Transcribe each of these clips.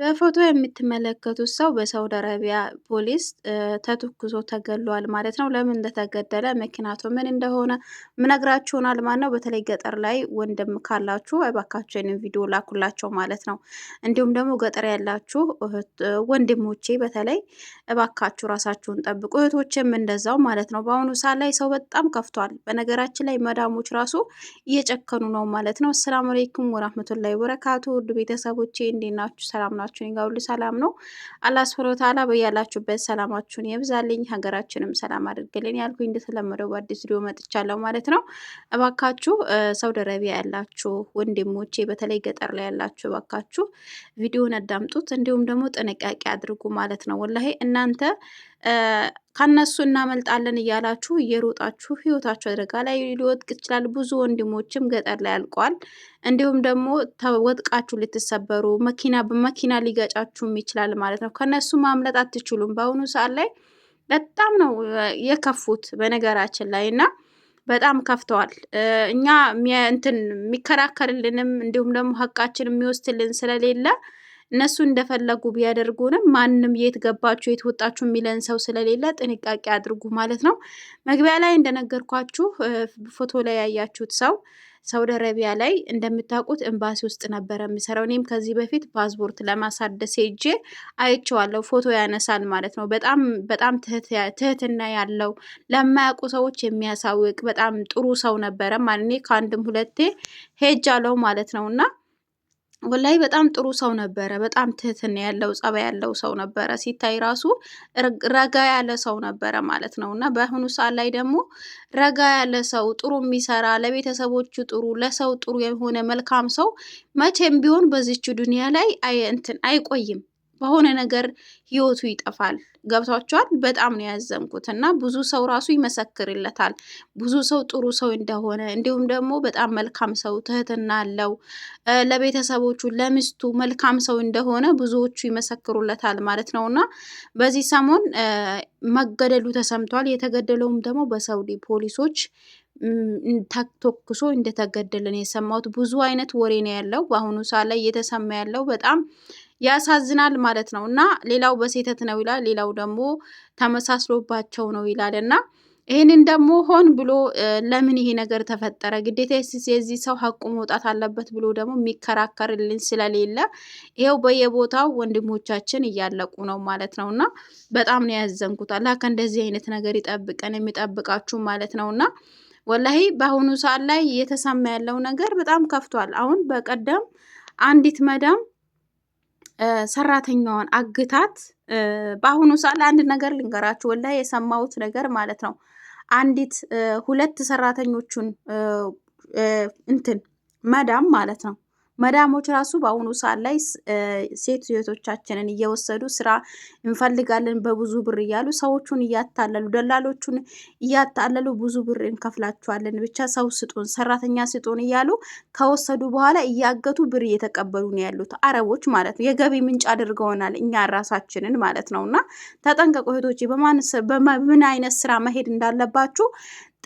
በፎቶ የምትመለከቱት ሰው በሳውዲ አረቢያ ፖሊስ ተተኩሶ ተገሏል ማለት ነው። ለምን እንደተገደለ ምክንያቱ ምን እንደሆነ ምነግራችሁናል ማለት ነው። በተለይ ገጠር ላይ ወንድም ካላችሁ እባካችሁ ይህንን ቪዲዮ ላኩላቸው ማለት ነው። እንዲሁም ደግሞ ገጠር ያላችሁ ወንድሞቼ በተለይ እባካችሁ ራሳችሁን ጠብቁ፣ እህቶችም እንደዛው ማለት ነው። በአሁኑ ሰዓት ላይ ሰው በጣም ከፍቷል። በነገራችን ላይ መዳሞች ራሱ እየጨከኑ ነው ማለት ነው። አሰላሙ አለይኩም ወራህመቱላሂ ወበረካቱ ውድ ቤተሰቦቼ እንዴት ናችሁ? ሰላም ናችሁ? ናችሁ? እኔ ጋር ሁሉ ሰላም ነው። አላህ ሱብሐነሁ ወተዓላ በያላችሁበት ሰላማችሁን የብዛልኝ፣ ሀገራችንም ሰላም አድርግልኝ ያልኩኝ እንደተለመደው በአዲስ ቪዲዮ መጥቻለሁ ማለት ነው። እባካችሁ ሳውዲ አረቢያ ያላችሁ ወንድሞቼ፣ በተለይ ገጠር ላይ ያላችሁ እባካችሁ ቪዲዮን አዳምጡት፣ እንዲሁም ደግሞ ጥንቃቄ አድርጉ ማለት ነው። ወላሂ እናንተ ከነሱ እናመልጣለን እያላችሁ እየሮጣችሁ ህይወታችሁ አደጋ ላይ ሊወጥቅ ይችላል። ብዙ ወንድሞችም ገጠር ላይ አልቀዋል። እንዲሁም ደግሞ ወጥቃችሁ ልትሰበሩ መኪና በመኪና ሊገጫችሁም ይችላል ማለት ነው። ከነሱ ማምለጥ አትችሉም። በአሁኑ ሰዓት ላይ በጣም ነው የከፉት በነገራችን ላይ እና በጣም ከፍተዋል። እኛ እንትን የሚከራከርልንም እንዲሁም ደግሞ ሀቃችን የሚወስድልን ስለሌለ እነሱ እንደፈለጉ ቢያደርጉንም ማንም የት ገባችሁ የት ወጣችሁ የሚለን ሰው ስለሌለ ጥንቃቄ አድርጉ ማለት ነው። መግቢያ ላይ እንደነገርኳችሁ ፎቶ ላይ ያያችሁት ሰው ሳውዲ አረቢያ ላይ እንደምታውቁት ኤምባሲ ውስጥ ነበረ የሚሰራው። እኔም ከዚህ በፊት ፓስፖርት ለማሳደስ ሄጄ አይቼዋለሁ። ፎቶ ያነሳል ማለት ነው። በጣም በጣም ትህትና ያለው ለማያውቁ ሰዎች የሚያሳውቅ በጣም ጥሩ ሰው ነበረ። ማለኔ ከአንድም ሁለቴ ሄጃለሁ ማለት ነው እና ወላይ በጣም ጥሩ ሰው ነበረ። በጣም ትህትና ያለው ጸባይ ያለው ሰው ነበረ። ሲታይ ራሱ ረጋ ያለ ሰው ነበረ ማለት ነው እና በአሁኑ ሰዓት ላይ ደግሞ ረጋ ያለ ሰው ጥሩ የሚሰራ ለቤተሰቦቹ ጥሩ፣ ለሰው ጥሩ የሆነ መልካም ሰው መቼም ቢሆን በዚች ዱንያ ላይ እንትን አይቆይም። በሆነ ነገር ህይወቱ ይጠፋል። ገብቷቸዋል። በጣም ነው ያዘንኩት እና ብዙ ሰው ራሱ ይመሰክርለታል። ብዙ ሰው ጥሩ ሰው እንደሆነ እንዲሁም ደግሞ በጣም መልካም ሰው ትህትና አለው ለቤተሰቦቹ፣ ለሚስቱ መልካም ሰው እንደሆነ ብዙዎቹ ይመሰክሩለታል ማለት ነው እና በዚህ ሰሞን መገደሉ ተሰምቷል። የተገደለውም ደግሞ በሳውዲ ፖሊሶች ተኩሶ እንደተገደለን የሰማሁት ብዙ አይነት ወሬ ነው ያለው በአሁኑ ሰዓት ላይ እየተሰማ ያለው በጣም ያሳዝናል ማለት ነው። እና ሌላው በሴተት ነው ይላል፣ ሌላው ደግሞ ተመሳስሎባቸው ነው ይላል እና ይህንን ደግሞ ሆን ብሎ ለምን ይሄ ነገር ተፈጠረ፣ ግዴታ የዚህ ሰው ሀቁ መውጣት አለበት ብሎ ደግሞ የሚከራከርልን ስለሌለ ይሄው በየቦታው ወንድሞቻችን እያለቁ ነው ማለት ነው እና በጣም ነው ያዘንኩት። አላህ ከእንደዚህ አይነት ነገር ይጠብቀን፣ የሚጠብቃችሁ ማለት ነው እና ወላሂ በአሁኑ ሰዓት ላይ እየተሰማ ያለው ነገር በጣም ከፍቷል። አሁን በቀደም አንዲት መዳም ሰራተኛዋን አግታት። በአሁኑ ሰዓት ለአንድ ነገር ልንገራችሁ፣ ወላ የሰማሁት ነገር ማለት ነው። አንዲት ሁለት ሰራተኞቹን እንትን መዳም ማለት ነው መዳሞች ራሱ በአሁኑ ሰዓት ላይ ሴት ሴቶቻችንን እየወሰዱ ስራ እንፈልጋለን በብዙ ብር እያሉ ሰዎቹን እያታለሉ ደላሎቹን እያታለሉ ብዙ ብር እንከፍላቸዋለን ብቻ ሰው ስጡን፣ ሰራተኛ ስጡን እያሉ ከወሰዱ በኋላ እያገቱ ብር እየተቀበሉ ነው ያሉት አረቦች ማለት ነው። የገቢ ምንጭ አድርገውናል እኛ ራሳችንን ማለት ነው። እና ተጠንቀቁ እህቶቼ፣ በምን አይነት ስራ መሄድ እንዳለባችሁ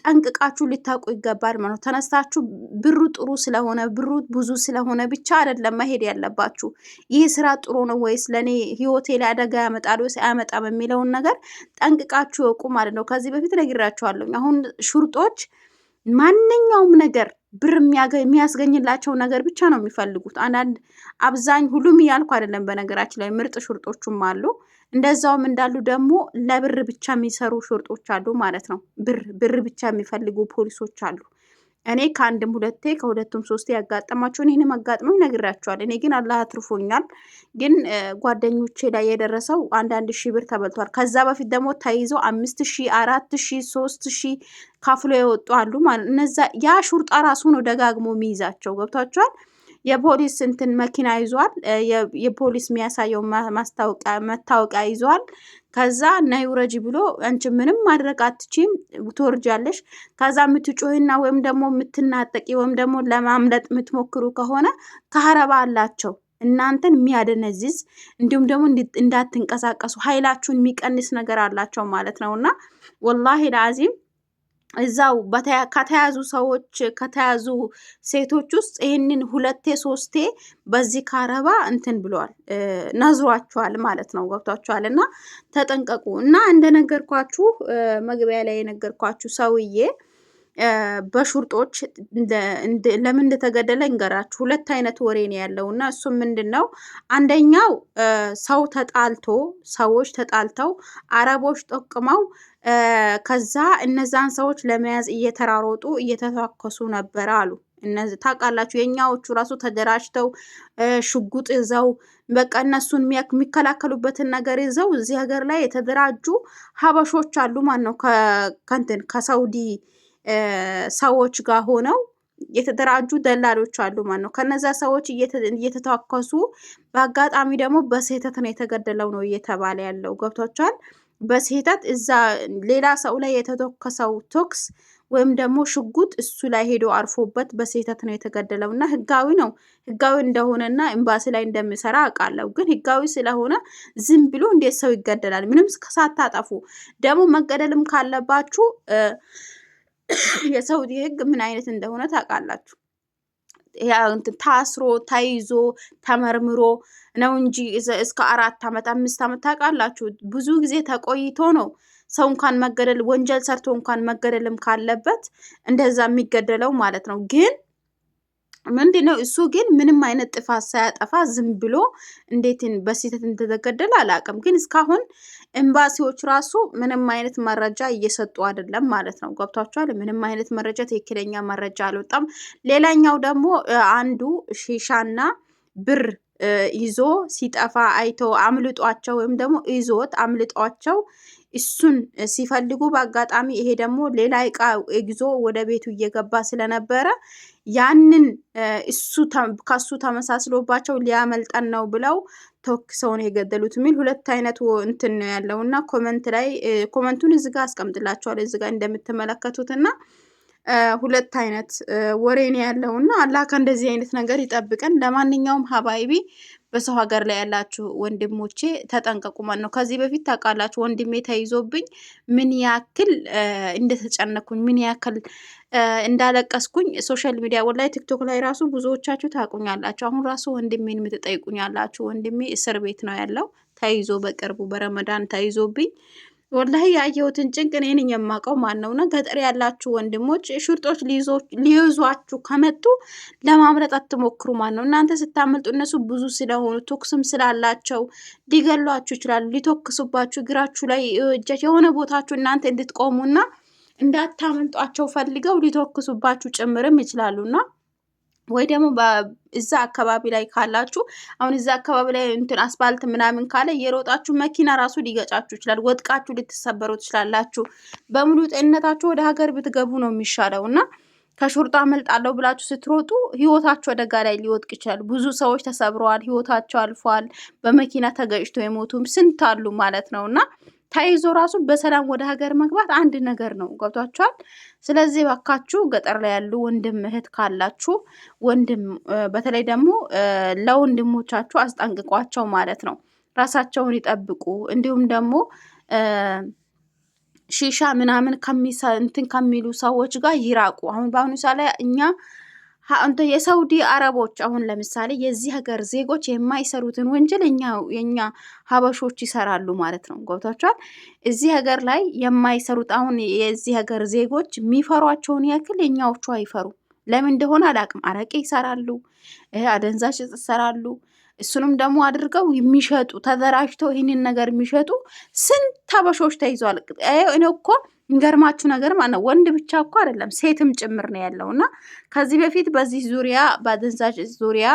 ጠንቅቃችሁ ልታውቁ ይገባል ማለት ተነስታችሁ ብሩ ጥሩ ስለሆነ ብሩ ብዙ ስለሆነ ብቻ አይደለም መሄድ ያለባችሁ። ይህ ስራ ጥሩ ነው ወይስ ለእኔ ህይወቴ ላይ አደጋ ያመጣል ወይስ አያመጣም የሚለውን ነገር ጠንቅቃችሁ እወቁ ማለት ነው። ከዚህ በፊት ነግራችኋለሁ። አሁን ሹርጦች ማንኛውም ነገር ብር የሚያስገኝላቸው ነገር ብቻ ነው የሚፈልጉት። አንዳንድ አብዛኝ ሁሉም እያልኩ አይደለም፣ በነገራችን ላይ ምርጥ ሹርጦቹም አሉ። እንደዛውም እንዳሉ ደግሞ ለብር ብቻ የሚሰሩ ሾርጦች አሉ ማለት ነው። ብር ብር ብቻ የሚፈልጉ ፖሊሶች አሉ። እኔ ከአንድም ሁለቴ ከሁለቱም ሶስቴ ያጋጠማቸው እኔንም አጋጥመው ይነግራቸዋል። እኔ ግን አላህ አትርፎኛል። ግን ጓደኞቼ ላይ የደረሰው አንዳንድ ሺህ ብር ተበልቷል። ከዛ በፊት ደግሞ ተይዘው አምስት ሺህ አራት ሺህ ሶስት ሺህ ካፍሎ የወጡ አሉ ማለት እነዛ ያ ሹርጣ ራሱ ነው ደጋግሞ የሚይዛቸው ገብቷቸዋል። የፖሊስ እንትን መኪና ይዟል። የፖሊስ የሚያሳየው ማስታወቂያ መታወቂያ ይዟል። ከዛ ነይ ውረጂ ብሎ አንቺ ምንም ማድረግ አትችም ትወርጃለሽ። ከዛ የምትጮህና ወይም ደግሞ የምትናጠቂ ወይም ደግሞ ለማምለጥ የምትሞክሩ ከሆነ ከሀረባ አላቸው እናንተን የሚያደነዝዝ እንዲሁም ደግሞ እንዳትንቀሳቀሱ ኃይላችሁን የሚቀንስ ነገር አላቸው ማለት ነው እና ወላሂ ለአዚም እዛው ከተያዙ ሰዎች ከተያዙ ሴቶች ውስጥ ይህንን ሁለቴ ሶስቴ በዚህ ካረባ እንትን ብለዋል ነዝሯቸዋል ማለት ነው። ገብቷቸዋል እና ተጠንቀቁ እና እንደነገርኳችሁ መግቢያ ላይ የነገርኳችሁ ሰውዬ በሹርጦች ለምን እንደተገደለ እንገራችሁ። ሁለት አይነት ወሬ ነው ያለው እና እሱም ምንድን ነው? አንደኛው ሰው ተጣልቶ ሰዎች ተጣልተው አረቦች ጠቅመው ከዛ እነዛን ሰዎች ለመያዝ እየተራሮጡ እየተታከሱ ነበር አሉ። እነዚህ ታውቃላችሁ፣ የእኛዎቹ ራሱ ተደራጅተው ሽጉጥ ይዘው በቃ እነሱን የሚከላከሉበትን ነገር ይዘው እዚህ ሀገር ላይ የተደራጁ ሀበሾች አሉ። ማን ነው ከንትን ከሳውዲ ሰዎች ጋር ሆነው የተደራጁ ደላሎች አሉ ማለት ነው። ከነዛ ሰዎች እየተታከሱ በአጋጣሚ ደግሞ በስህተት ነው የተገደለው ነው እየተባለ ያለው ገብቷቸዋል። በስህተት እዛ ሌላ ሰው ላይ የተተኮሰው ቶክስ ወይም ደግሞ ሽጉጥ እሱ ላይ ሄዶ አርፎበት በስህተት ነው የተገደለው እና ህጋዊ ነው ህጋዊ እንደሆነና ኤምባሲ ላይ እንደሚሰራ አውቃለሁ። ግን ህጋዊ ስለሆነ ዝም ብሎ እንዴት ሰው ይገደላል? ምንም ሳታጠፉ ደግሞ መገደልም ካለባችሁ የሳውዲ ህግ ምን አይነት እንደሆነ ታውቃላችሁ። ታስሮ ተይዞ ተመርምሮ ነው እንጂ እስከ አራት ዓመት አምስት ዓመት ታውቃላችሁ፣ ብዙ ጊዜ ተቆይቶ ነው ሰው እንኳን መገደል ወንጀል ሰርቶ እንኳን መገደልም ካለበት እንደዛ የሚገደለው ማለት ነው ግን ምንድን ነው እሱ ግን ምንም አይነት ጥፋት ሳያጠፋ ዝም ብሎ እንዴት በስህተት እንደተገደለ አላውቅም። ግን እስካሁን ኤምባሲዎች ራሱ ምንም አይነት መረጃ እየሰጡ አይደለም ማለት ነው። ገብቷችኋል? ምንም አይነት መረጃ፣ ትክክለኛ መረጃ አልወጣም። ሌላኛው ደግሞ አንዱ ሺሻና ብር ይዞ ሲጠፋ አይቶ አምልጧቸው ወይም ደግሞ ይዞት አምልጧቸው እሱን ሲፈልጉ በአጋጣሚ ይሄ ደግሞ ሌላ እቃ ይዞ ወደ ቤቱ እየገባ ስለነበረ ያንን ከሱ ተመሳስሎባቸው ሊያመልጠን ነው ብለው ተወክሰውን የገደሉት የሚል ሁለት አይነት እንትን ነው ያለው እና ኮመንት ላይ ኮመንቱን እዚጋ አስቀምጥላቸዋል እዚጋ እንደምትመለከቱት እና ሁለት አይነት ወሬ ነው ያለው እና አላህ ከእንደዚህ አይነት ነገር ይጠብቀን። ለማንኛውም ሀባይቢ በሰው ሀገር ላይ ያላችሁ ወንድሞቼ ተጠንቀቁ ማለት ነው። ከዚህ በፊት ታውቃላችሁ ወንድሜ ተይዞብኝ ምን ያክል እንደተጨነኩኝ ምን ያክል እንዳለቀስኩኝ ሶሻል ሚዲያ ወላይ ቲክቶክ ላይ ራሱ ብዙዎቻችሁ ታውቁኛላችሁ። አሁን ራሱ ወንድሜን የምትጠይቁኛላችሁ። ወንድሜ እስር ቤት ነው ያለው ተይዞ በቅርቡ በረመዳን ተይዞብኝ ወላሂ ያየሁትን ጭንቅ እኔ ነኝ የማውቀው። ማን ነውና ገጠር ያላችሁ ወንድሞች ሹርጦች ሊይዟችሁ ከመጡ ለማምለጥ አትሞክሩ። ማን ነው እናንተ ስታመልጡ፣ እነሱ ብዙ ስለሆኑ ቶክስም ስላላቸው ሊገሏችሁ ይችላሉ፣ ሊቶክሱባችሁ እግራችሁ ላይ እጃችሁ የሆነ ቦታችሁ እናንተ እንድትቆሙና እንዳታመልጧቸው ፈልገው ሊቶክሱባችሁ ጭምርም ይችላሉና ወይ ደግሞ እዛ አካባቢ ላይ ካላችሁ አሁን እዛ አካባቢ ላይ እንትን አስፋልት ምናምን ካለ የሮጣችሁ መኪና ራሱ ሊገጫችሁ ይችላል። ወጥቃችሁ ልትሰበሩ ትችላላችሁ። በሙሉ ጤንነታችሁ ወደ ሀገር ብትገቡ ነው የሚሻለው እና ከሹርጣ አመልጣለሁ ብላችሁ ስትሮጡ ህይወታችሁ አደጋ ላይ ሊወጥቅ ይችላል። ብዙ ሰዎች ተሰብረዋል፣ ህይወታቸው አልፏል። በመኪና ተገጭቶ የሞቱም ስንት አሉ ማለት ነው እና ተይዞ ራሱ በሰላም ወደ ሀገር መግባት አንድ ነገር ነው። ገብቷችኋል? ስለዚህ ባካችሁ ገጠር ላይ ያሉ ወንድም እህት ካላችሁ ወንድም በተለይ ደግሞ ለወንድሞቻችሁ አስጠንቅቋቸው ማለት ነው። ራሳቸውን ይጠብቁ። እንዲሁም ደግሞ ሺሻ ምናምን እንትን ከሚሉ ሰዎች ጋር ይራቁ። አሁን በአሁኑ ሰዓት ላይ እኛ የሳውዲ አረቦች አሁን ለምሳሌ የዚህ ሀገር ዜጎች የማይሰሩትን ወንጀል የኛ ሀበሾች ይሰራሉ ማለት ነው። ገብቷቸዋል። እዚህ ሀገር ላይ የማይሰሩት አሁን የዚህ ሀገር ዜጎች የሚፈሯቸውን ያክል የኛዎቹ አይፈሩ። ለምን እንደሆነ አላቅም። አረቄ ይሰራሉ፣ አደንዛዥ ይሰራሉ፣ እሱንም ደግሞ አድርገው የሚሸጡ ተደራጅተው ይህንን ነገር የሚሸጡ ስንት አበሾች ተይዘዋል። እኔ እኮ የሚገርማችሁ ነገር ማለት ነው ወንድ ብቻ እኮ አይደለም ሴትም ጭምር ነው ያለው እና ከዚህ በፊት በዚህ ዙሪያ በአደንዛዥ ዙሪያ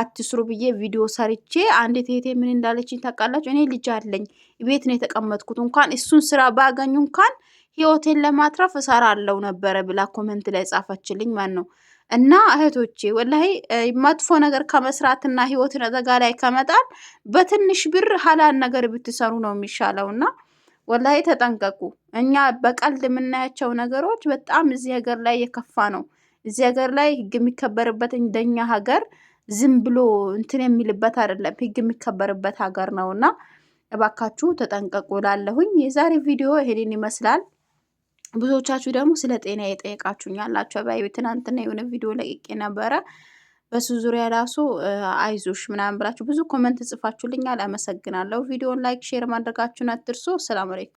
አትስሩ ብዬ ቪዲዮ ሰርቼ አንድ ቴቴ ምን እንዳለችኝ ታውቃላችሁ? እኔ ልጅ አለኝ ቤት ነው የተቀመጥኩት፣ እንኳን እሱን ስራ ባገኙ እንኳን ህይወቴን ለማትረፍ እሰራለሁ ነበረ ብላ ኮመንት ላይ ጻፈችልኝ። ማን ነው እና እህቶቼ ወላሂ መጥፎ ነገር ከመስራትና ህይወትን አደጋ ላይ ከመጣል በትንሽ ብር ሀላል ነገር ብትሰሩ ነው የሚሻለው። እና ወላሂ ተጠንቀቁ። እኛ በቀልድ የምናያቸው ነገሮች በጣም እዚህ ሀገር ላይ የከፋ ነው። እዚህ ሀገር ላይ ህግ የሚከበርበት እንደኛ ሀገር ዝም ብሎ እንትን የሚልበት አይደለም። ህግ የሚከበርበት ሀገር ነው እና እባካችሁ ተጠንቀቁ ላለሁኝ የዛሬ ቪዲዮ ይሄንን ይመስላል። ብዙዎቻችሁ ደግሞ ስለ ጤና የጠየቃችሁኝ ያላችሁ ባይቤ ትናንትና የሆነ ቪዲዮ ለቅቄ ነበረ። በሱ ዙሪያ ራሱ አይዞሽ ምናምን ብላችሁ ብዙ ኮመንት ጽፋችሁልኛል። አመሰግናለሁ። ቪዲዮን ላይክ፣ ሼር ማድረጋችሁን አትርሱ። ሰላም አለይኩም።